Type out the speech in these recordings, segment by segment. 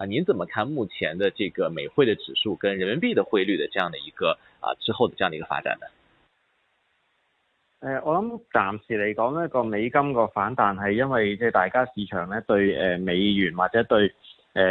啊，您怎麼看目前的這個美匯的指數跟人民幣的匯率的這樣的一個啊之後的這樣的一個發展呢？誒、呃，我諗暫時嚟講，呢個美金個反彈係因為即係大家市場咧對美元或者對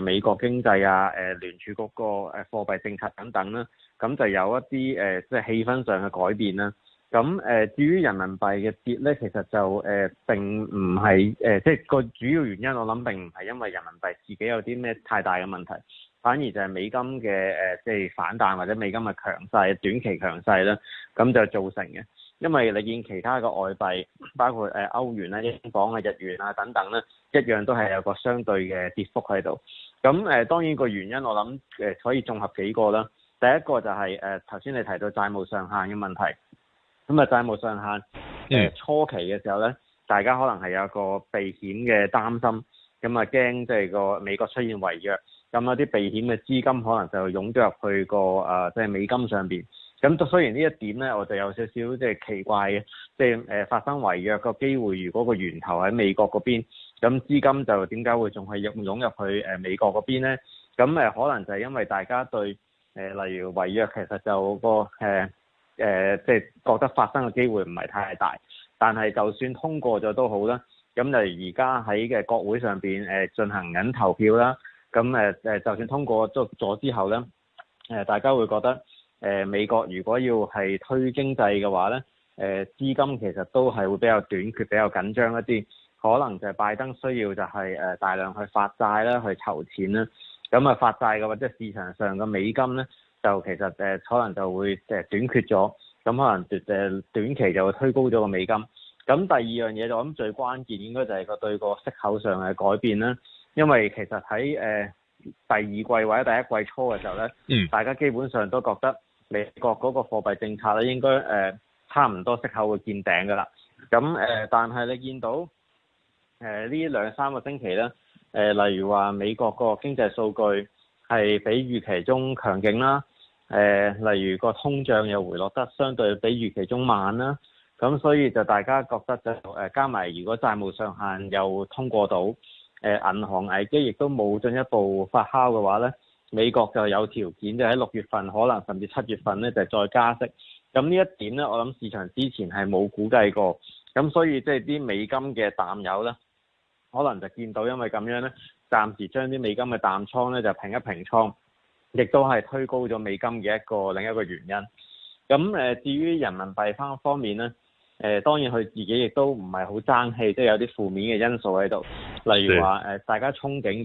美國經濟啊、誒聯儲局個誒貨幣政策等等啦，咁就有一啲誒、呃、即係氣氛上嘅改變啦。咁誒、呃，至於人民幣嘅跌咧，其實就誒、呃、並唔係誒，即係個主要原因。我諗並唔係因為人民幣自己有啲咩太大嘅問題，反而就係美金嘅即係反彈或者美金嘅強勢、短期強勢啦，咁就造成嘅。因為你見其他個外幣，包括誒、呃、歐元咧、英鎊啊、日元啊等等咧，一樣都係有個相對嘅跌幅喺度。咁誒、呃，當然個原因我諗可以綜合幾個啦。第一個就係誒頭先你提到債務上限嘅問題。咁啊，債務上限 Yeah. 初期嘅時候咧，大家可能係有一個避險嘅擔心，咁啊驚即係個美國出現違約，咁有啲避險嘅資金可能就湧咗入去個即係美金上面。咁都雖然呢一點咧，我就有少少即係奇怪嘅，即係誒發生違約個機會，如果個源頭喺美國嗰邊，咁資金就點解會仲係湧湧入去誒美國嗰邊咧？咁誒可能就係因為大家對誒例如違約其實就個、呃誒，即係、呃就是、覺得發生嘅機會唔係太大，但係就算通過咗都好啦。咁就而家喺個國會上面誒進行緊投票啦。咁誒誒，就算通過咗咗之後咧，誒大家會覺得誒美國如果要係推經濟嘅話咧，誒資金其實都係會比較短缺、比較緊張一啲，可能就係拜登需要就係誒大量去發債啦，去籌錢啦。咁啊發債嘅話，即市場上嘅美金咧。就其實誒可能就會誒短缺咗，咁可能誒短期就會推高咗個美金。咁第二樣嘢，就我諗最關鍵應該就係個對個息口上嘅改變啦。因為其實喺誒第二季或者第一季初嘅時候咧，嗯，大家基本上都覺得美國嗰個貨幣政策咧應該誒差唔多息口會見頂㗎喇。咁誒，但係你見到誒呢兩三個星期咧，誒、呃、例如話美國個經濟數據係比預期中強勁啦。誒、呃，例如個通脹又回落得相對比預期中慢啦，咁所以就大家覺得就誒，加埋如果債務上限又通過到，誒、呃、銀行危機亦都冇進一步發酵嘅話咧，美國就有條件就喺六月份可能甚至七月份咧就再加息，咁呢一點咧我諗市場之前係冇估計過，咁所以即係啲美金嘅淡友咧，可能就見到因為咁樣咧，暫時將啲美金嘅淡倉咧就平一平倉。亦都係推高咗美金嘅一個另一個原因。咁、呃、至於人民幣翻方面咧，誒、呃、當然佢自己亦都唔係好爭氣，即係有啲負面嘅因素喺度。例如話是、呃、大家憧憬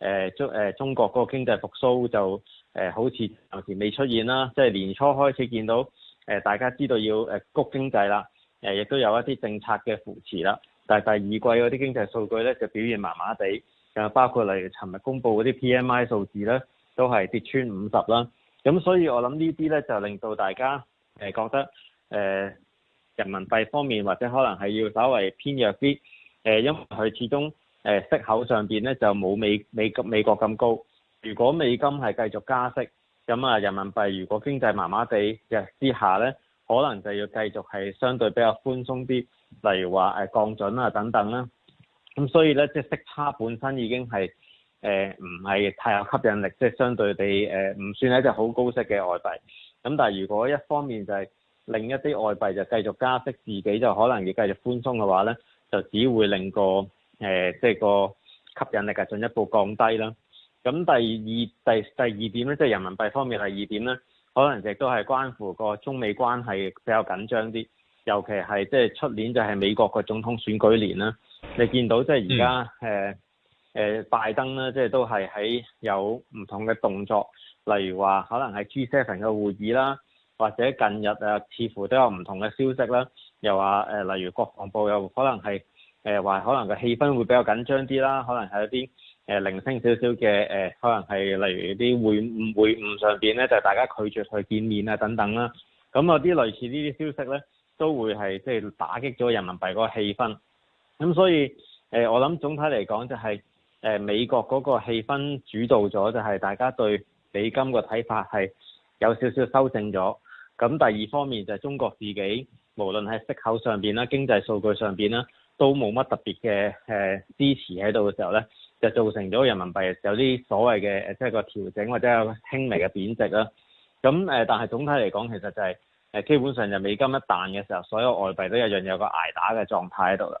嘅中誒中國嗰個經濟復甦就、呃、好似暫時未出現啦。即係年初開始見到、呃、大家知道要誒谷經濟啦，亦、呃、都有一啲政策嘅扶持啦。但係第二季嗰啲經濟數據咧就表現麻麻地，啊包括例如尋日公布嗰啲 P M I 數字呢。都係跌穿五十啦，咁所以我諗呢啲呢，就令到大家誒覺得誒人民幣方面或者可能係要稍微偏弱啲，誒因為佢始終誒息口上邊呢，就冇美美美國咁高，如果美金係繼續加息，咁啊人民幣如果經濟麻麻地嘅之下呢，可能就要繼續係相對比較寬鬆啲，例如話誒降準啊等等啦，咁所以呢，即係息差本身已經係。誒唔係太有吸引力，即係相對地誒唔、呃、算係一隻好高息嘅外幣。咁但係如果一方面就係另一啲外幣就繼續加息，自己就可能亦繼續寬鬆嘅話咧，就只會令個誒、呃、即係個吸引力啊進一步降低啦。咁第二第第二點咧，即係人民幣方面第二點咧，可能亦都係關乎個中美關係比較緊張啲，尤其係即係出年就係美國嘅總統選舉年啦。你見到即係而家誒。嗯誒拜登咧，即係都係喺有唔同嘅動作，例如話可能係 G7 嘅會議啦，或者近日啊，似乎都有唔同嘅消息啦，又話、呃、例如國防部又可能係誒話，呃、可能個氣氛會比較緊張啲啦，可能係一啲、呃、零星少少嘅可能係例如啲會會晤上邊咧，就係、大家拒絕去見面啊等等啦，咁有啲類似呢啲消息咧，都會係即係打擊咗人民幣嗰個氣氛，咁所以誒、呃，我諗總體嚟講就係、係。誒美國嗰個氣氛主導咗，就係大家對美金個睇法係有少少修正咗。咁第二方面就係中國自己，無論喺息口上面啦、經濟數據上面啦，都冇乜特別嘅支持喺度嘅時候咧，就造成咗人民幣有啲所謂嘅即係個調整或者有輕微嘅貶值啦。咁但係總體嚟講，其實就係基本上，就美金一彈嘅時候，所有外幣都一樣有一個捱打嘅狀態喺度啦。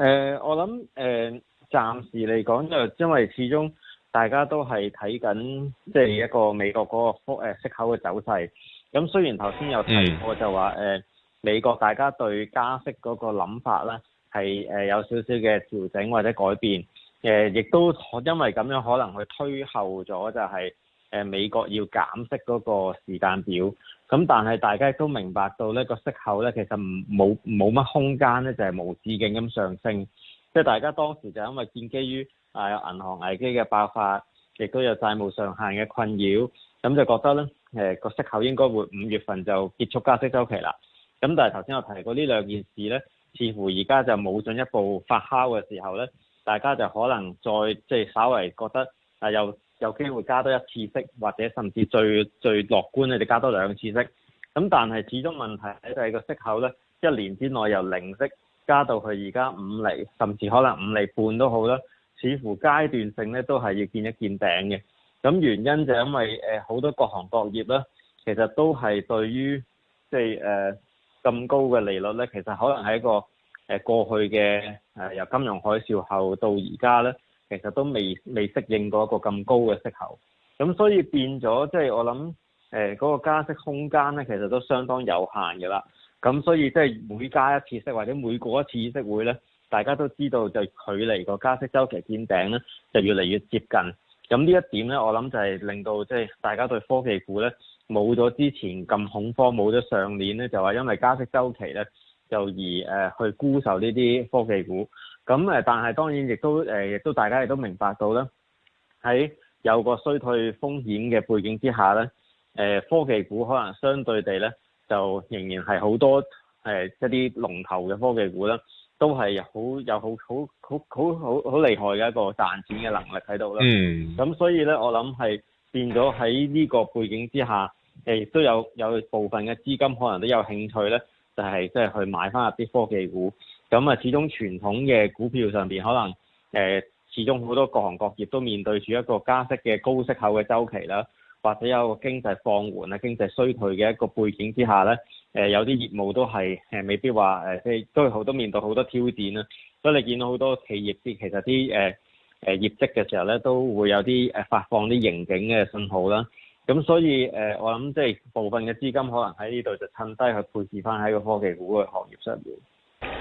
誒、呃，我諗誒、呃，暫時嚟講就，因為始終大家都係睇緊，即係一個美國嗰個幅息口嘅走勢。咁雖然頭先有提過就話誒、呃、美國大家對加息嗰個諗法咧，係誒、呃、有少少嘅調整或者改變。誒、呃，亦都因為咁樣可能去推後咗、就係，就係誒美國要減息嗰個時間表。咁但係大家都明白到呢個息口呢，其實唔冇冇乜空間呢，就係無止境咁上升。即係大家當時就因為建基於啊有銀行危機嘅爆發，亦都有債務上限嘅困擾，咁就覺得呢誒個息口應該會五月份就結束加息週期啦。咁但係頭先我提過呢兩件事呢，似乎而家就冇進一步發酵嘅時候呢，大家就可能再即係稍微覺得啊又，有有機會加多一次息，或者甚至最最樂觀咧，就加多兩次息。咁但係始終問題喺就係個息口咧，一年之內由零息加到去而家五厘，甚至可能五厘半都好啦。似乎階段性咧都係要見一見頂嘅。咁原因就係因為誒好多各行各業咧，其實都係對於即係誒咁高嘅利率咧，其實可能係一個誒過去嘅、呃、由金融海嘯後到而家咧。其實都未未適應過一個咁高嘅息口，咁所以變咗即係我諗誒嗰個加息空間咧，其實都相當有限嘅啦。咁所以即係每加一次息或者每過一次息會咧，大家都知道就距離個加息週期見頂咧就越嚟越接近。咁呢一點咧，我諗就係令到即係大家對科技股咧冇咗之前咁恐慌，冇咗上年咧就話因為加息週期咧就而誒去沽售呢啲科技股。咁但係當然亦都亦都、呃、大家亦都明白到啦。喺有個衰退風險嘅背景之下咧、呃，科技股可能相對地咧，就仍然係好多誒、呃、一啲龍頭嘅科技股咧，都係好有好好好好好好好厲害嘅一個賺錢嘅能力喺度啦。嗯。咁所以咧，我諗係變咗喺呢個背景之下，亦、呃、都有有部分嘅資金可能都有興趣咧，就係即係去買翻入啲科技股。咁啊，始終傳統嘅股票上面，可能誒、呃，始終好多各行各業都面對住一個加息嘅高息口嘅周期啦，或者有個經濟放緩啊、經濟衰退嘅一個背景之下咧，誒、呃、有啲業務都係未必話誒，即、呃、係都好多面對好多挑戰啦。所以你見到好多企業啲其實啲誒誒業績嘅時候咧，都會有啲誒發放啲盈警嘅信號啦。咁所以誒、呃，我諗即係部分嘅資金可能喺呢度就趁低去配置翻喺個科技股嘅行業上面。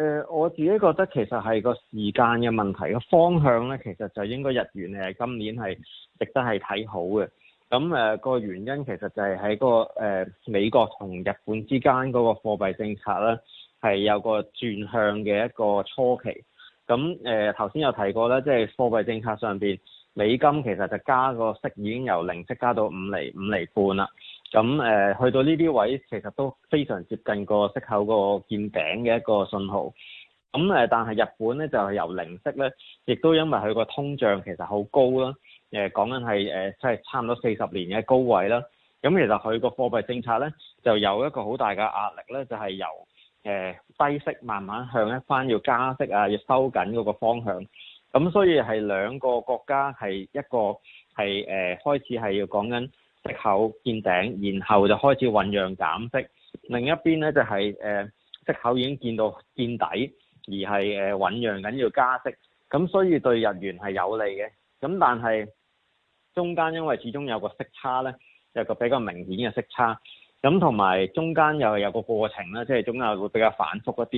誒、呃、我自己覺得其實係個時間嘅問題，個方向咧其實就應該日元誒今年係值得係睇好嘅。咁誒個原因其實就係喺、嗰個誒、呃、美國同日本之間嗰個貨幣政策啦，係有個轉向嘅一個初期。咁誒頭先有提過咧，即係貨幣政策上邊美金其實就加個息已經由零息加到五厘、五厘半啦。咁誒、呃、去到呢啲位，其實都非常接近個息口個見頂嘅一個信號。咁但係日本咧就係、是、由零息咧，亦都因為佢個通脹其實好高啦。誒講緊係誒，即、呃、係差唔多四十年嘅高位啦。咁其實佢個貨幣政策咧，就有一個好大嘅壓力咧，就係、是、由、呃、低息慢慢向一翻要加息啊，要收緊嗰個方向。咁所以係兩個國家係一個係誒、呃、開始係要講緊。息口見頂，然後就開始醖釀減息。另一邊咧就係、是、誒息口已經見到見底，而係誒醖釀緊要加息。咁所以對日元係有利嘅。咁但係中間因為始終有個息差咧，有個比較明顯嘅息差。咁同埋中間又有個過程啦，即係總係會比較反覆一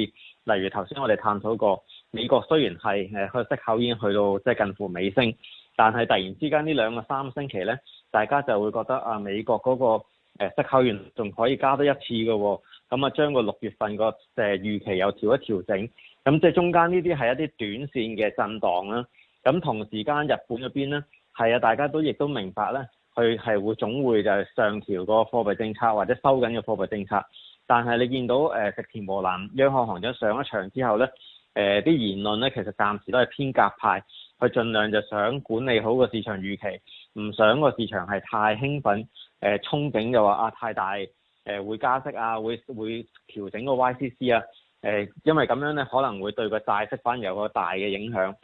啲。例如頭先我哋探討過，美國雖然係誒個息口已經去到即係近乎尾聲，但係突然之間呢兩個三星期咧。大家就會覺得啊，美國嗰個息口完，仲可以加多一次嘅喎，咁啊將個六月份個誒預期又調一調整，咁即係中間呢啲係一啲短線嘅震盪啦。咁同時間日本嗰邊咧，係啊，大家都亦都明白咧，佢係會總會就係上調個貨幣政策或者收緊嘅貨幣政策。但係你見到誒、呃、植田和男央行行長上一場之後咧，誒、呃、啲言論咧，其實暫時都係偏鴿派。佢盡量就想管理好個市場預期，唔想個市場係太興奮，誒憧憬又話啊太大，誒、呃、會加息啊，會會調整個 YCC 啊，誒、呃、因為咁樣咧可能會對個債息反而有個大嘅影響。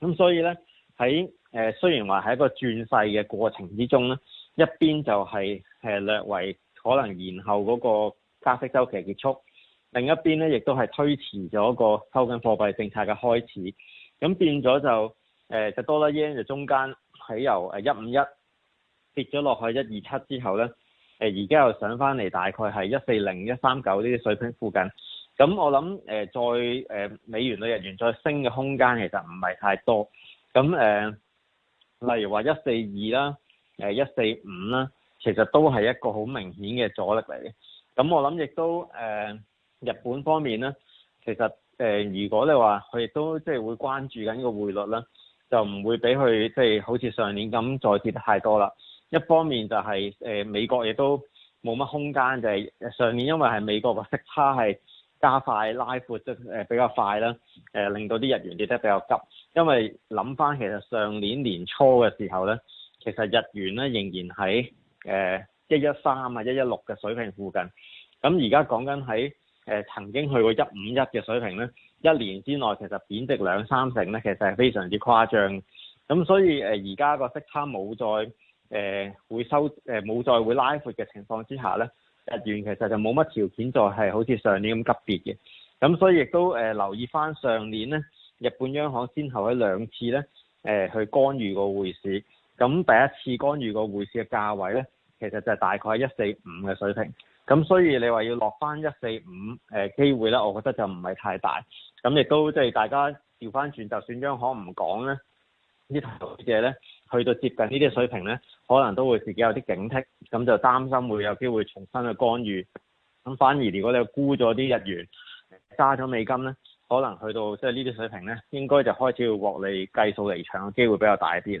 咁所以咧喺誒雖然話係一個轉勢嘅過程之中咧，一邊就係誒略為可能延後嗰個加息週期結束，另一邊咧亦都係推遲咗個收緊貨幣政策嘅開始，咁變咗就。誒、呃、就多啦，yen 就中間喺由誒一五一跌咗落去一二七之後咧，誒而家又上返嚟，大概係一四零、一三九呢啲水平附近。咁我諗誒、呃、再誒、呃、美元嘅日元再升嘅空間其實唔係太多。咁誒、呃，例如話一四二啦，誒一四五啦，其實都係一個好明顯嘅阻力嚟嘅。咁我諗亦都誒、呃、日本方面咧，其實誒、呃、如果你話佢亦都即係、就是、會關注緊個匯率啦。就唔會俾佢即係好似上年咁再跌得太多啦。一方面就係誒美國亦都冇乜空間，就係上年因為係美國嘅息差係加快拉闊即係、呃、比較快啦、呃，令到啲日元跌得比較急。因為諗翻其實上年年初嘅時候咧，其實日元咧仍然喺誒一一三啊一一六嘅水平附近。咁而家講緊喺誒曾經去過一五一嘅水平咧。一年之內其實貶值兩三成咧，其實係非常之誇張。咁所以誒，而家個息差冇再誒、呃、會收誒冇、呃、再會拉闊嘅情況之下咧，日元其實就冇乜條件再係好似上年咁急跌嘅。咁所以亦都誒、呃、留意翻上年咧，日本央行先後喺兩次咧誒、呃、去干預個匯市。咁第一次干預個匯市嘅價位咧，其實就係大概一四五嘅水平，咁所以你話要落翻一四五，誒機會咧，我覺得就唔係太大。咁亦都即係大家調翻轉，就算央行唔講咧，啲投資者咧去到接近呢啲水平咧，可能都會自己有啲警惕，咁就擔心會有機會重新去干預。咁反而如果你沽咗啲日元，揸咗美金咧，可能去到即係呢啲水平咧，應該就開始要獲利計數離場嘅機會比較大啲。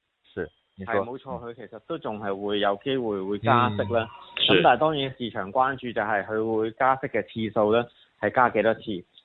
係冇錯，佢其實都仲係會有機會會加息啦。咁、嗯、但係當然市場關注就係佢會加息嘅次數咧，係加幾多次？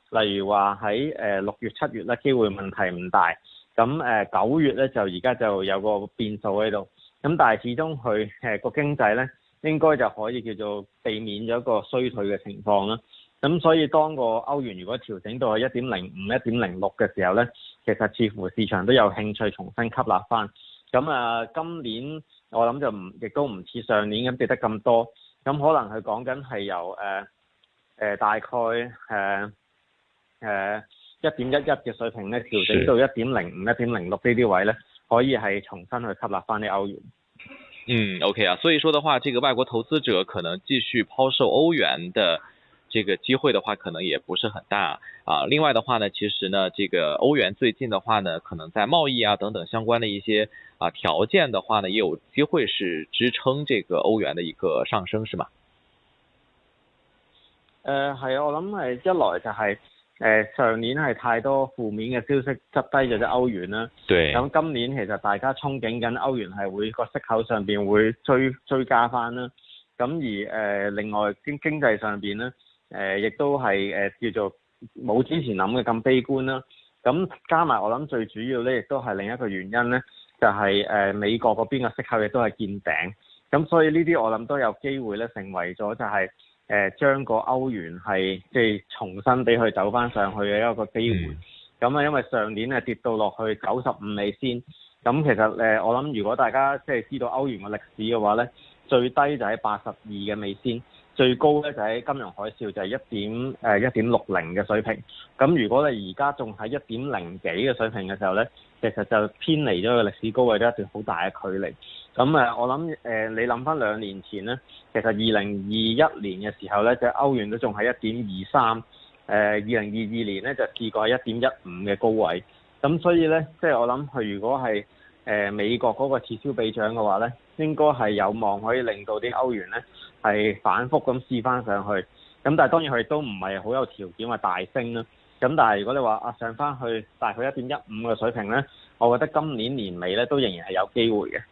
例如話喺誒六月、七月咧，機會問題唔大。咁誒九月咧就而家就有個變數喺度。咁但係始終佢誒個經濟咧，應該就可以叫做避免咗一個衰退嘅情況啦。咁所以當個歐元如果調整到一點零五、一點零六嘅時候咧，其實似乎市場都有興趣重新吸納翻。咁、嗯、啊，今年我諗就唔，亦都唔似上年咁跌、嗯、得咁多。咁、嗯、可能佢講緊係由誒誒、呃呃、大概誒誒一點一一嘅水平咧，調整到一點零五、一點零六呢啲位咧，可以係重新去吸納翻啲歐元。嗯，OK 啊，所以說的話，這個外國投資者可能繼續拋售歐元的。這個機會的話，可能也不是很大啊，啊。另外的話呢，其實呢，這個歐元最近的話呢，可能在貿易啊等等相關的一些啊條件的話呢，也有機會是支撐這個歐元的一個上升，是嗎？呃，係啊，我諗係一來就係、是，誒、呃，上年係太多負面嘅消息執低咗隻歐元啦。對。咁今年其實大家憧憬緊歐元係會個息口上邊會追追加翻啦。咁而誒、呃，另外經經濟上邊呢？誒，亦、呃、都係誒、呃、叫做冇之前諗嘅咁悲觀啦。咁加埋我諗最主要咧，亦都係另一個原因咧，就係、是、誒、呃、美國嗰邊嘅息口亦都係見頂。咁所以呢啲我諗都有機會咧，成為咗就係、是、誒、呃、將個歐元係即係重新俾佢走翻上去嘅一個機會。咁啊、嗯，因為上年係跌到落去九十五美仙。咁其實我諗如果大家即係知道歐元嘅歷史嘅話咧，最低就喺八十二嘅美仙。最高咧就喺、是、金融海嘯，就係、是、一點誒一點六零嘅水平。咁如果你而家仲喺一點零幾嘅水平嘅時候咧，其實就偏離咗個歷史高位都一段好大嘅距離。咁我諗、呃、你諗翻兩年前咧，其實二零二一年嘅時候咧，就歐歐元都仲喺一點二三。誒，二零二二年咧就試過係一點一五嘅高位。咁所以咧，即、就、係、是、我諗佢如果係、呃、美國嗰個撤銷比償嘅話咧。應該係有望可以令到啲歐元呢係反覆咁試翻上去，咁但係當然佢哋都唔係好有條件話大升啦。咁但係如果你話啊，上翻去大概一點一五嘅水平呢，我覺得今年年尾呢都仍然係有機會嘅。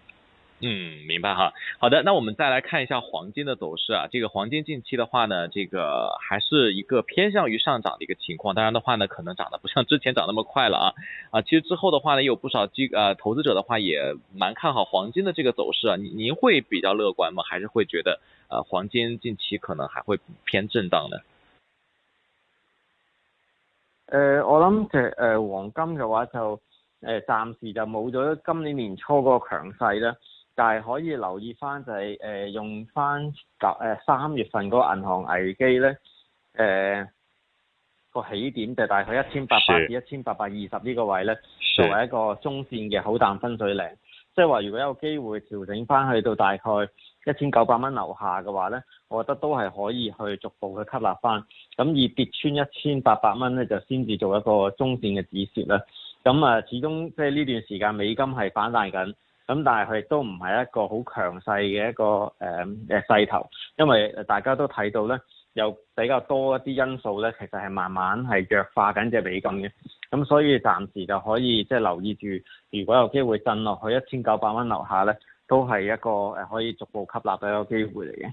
嗯，明白哈。好的，那我們再來看一下黃金的走勢啊。這個黃金近期的話呢，這個還是一個偏向於上漲的一個情況。當然的話呢，可能漲得不像之前漲那麼快了啊。啊，其實之後的話呢，有不少基呃、啊、投資者的話也蠻看好黃金的這個走勢啊。您您會比較樂觀嗎？還是會覺得呃、啊、黃金近期可能還會偏震蕩呢？呃，我諗就呃黃金嘅話就，呃，暫時就冇咗今年年初嗰個強勢啦。但係可以留意翻、就是，就、呃、係用翻三月份嗰個銀行危機咧，誒、呃、個起點就大概一千八百至一千八百二十呢個位咧，是作為一個中線嘅好淡分水嶺。即係話，如果有一個機會調整翻去到大概一千九百蚊樓下嘅話咧，我覺得都係可以去逐步去吸納翻。咁而跌穿一千八百蚊咧，就先至做一個中線嘅止蝕啦。咁啊，始終即係呢段時間美金係反彈緊。咁但係佢亦都唔係一個好強勢嘅一個誒誒、嗯、勢頭，因為大家都睇到咧，有比較多一啲因素咧，其實係慢慢係弱化緊隻美金嘅，咁、嗯、所以暫時就可以即係、就是、留意住，如果有機會震落去一千九百蚊樓下咧，都係一個誒可以逐步吸納嘅一個機會嚟嘅。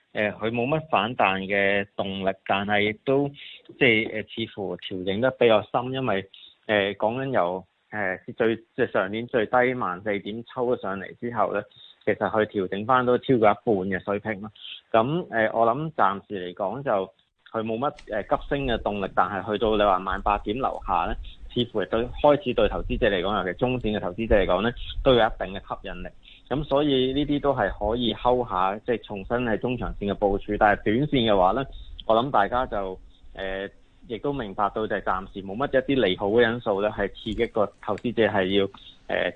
誒佢冇乜反彈嘅動力，但係亦都即係誒、呃、似乎調整得比較深，因為誒、呃、講緊由誒、呃、最即係上年最低萬四點抽咗上嚟之後咧，其實佢調整翻都超過一半嘅水平咯。咁誒、呃、我諗暫時嚟講就佢冇乜誒急升嘅動力，但係去到你話萬八點樓下咧，似乎對開始對投資者嚟講，尤其中線嘅投資者嚟講咧，都有一定嘅吸引力。咁、嗯、所以呢啲都係可以睺下，即、就、係、是、重新係中長線嘅部署。但係短線嘅話咧，我諗大家就誒，亦、呃、都明白到就係暫時冇乜一啲利好嘅因素咧，係刺激個投資者係要誒，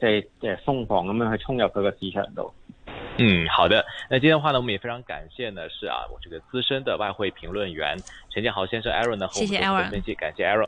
即係即係瘋狂咁樣去衝入佢個市場度。嗯，好的。那今日嘅話咧，我們也非常感謝呢，是啊，我這個資深嘅外匯評論員陳健豪先生 Aaron 呢，和我們嘅分析，感謝 Aaron。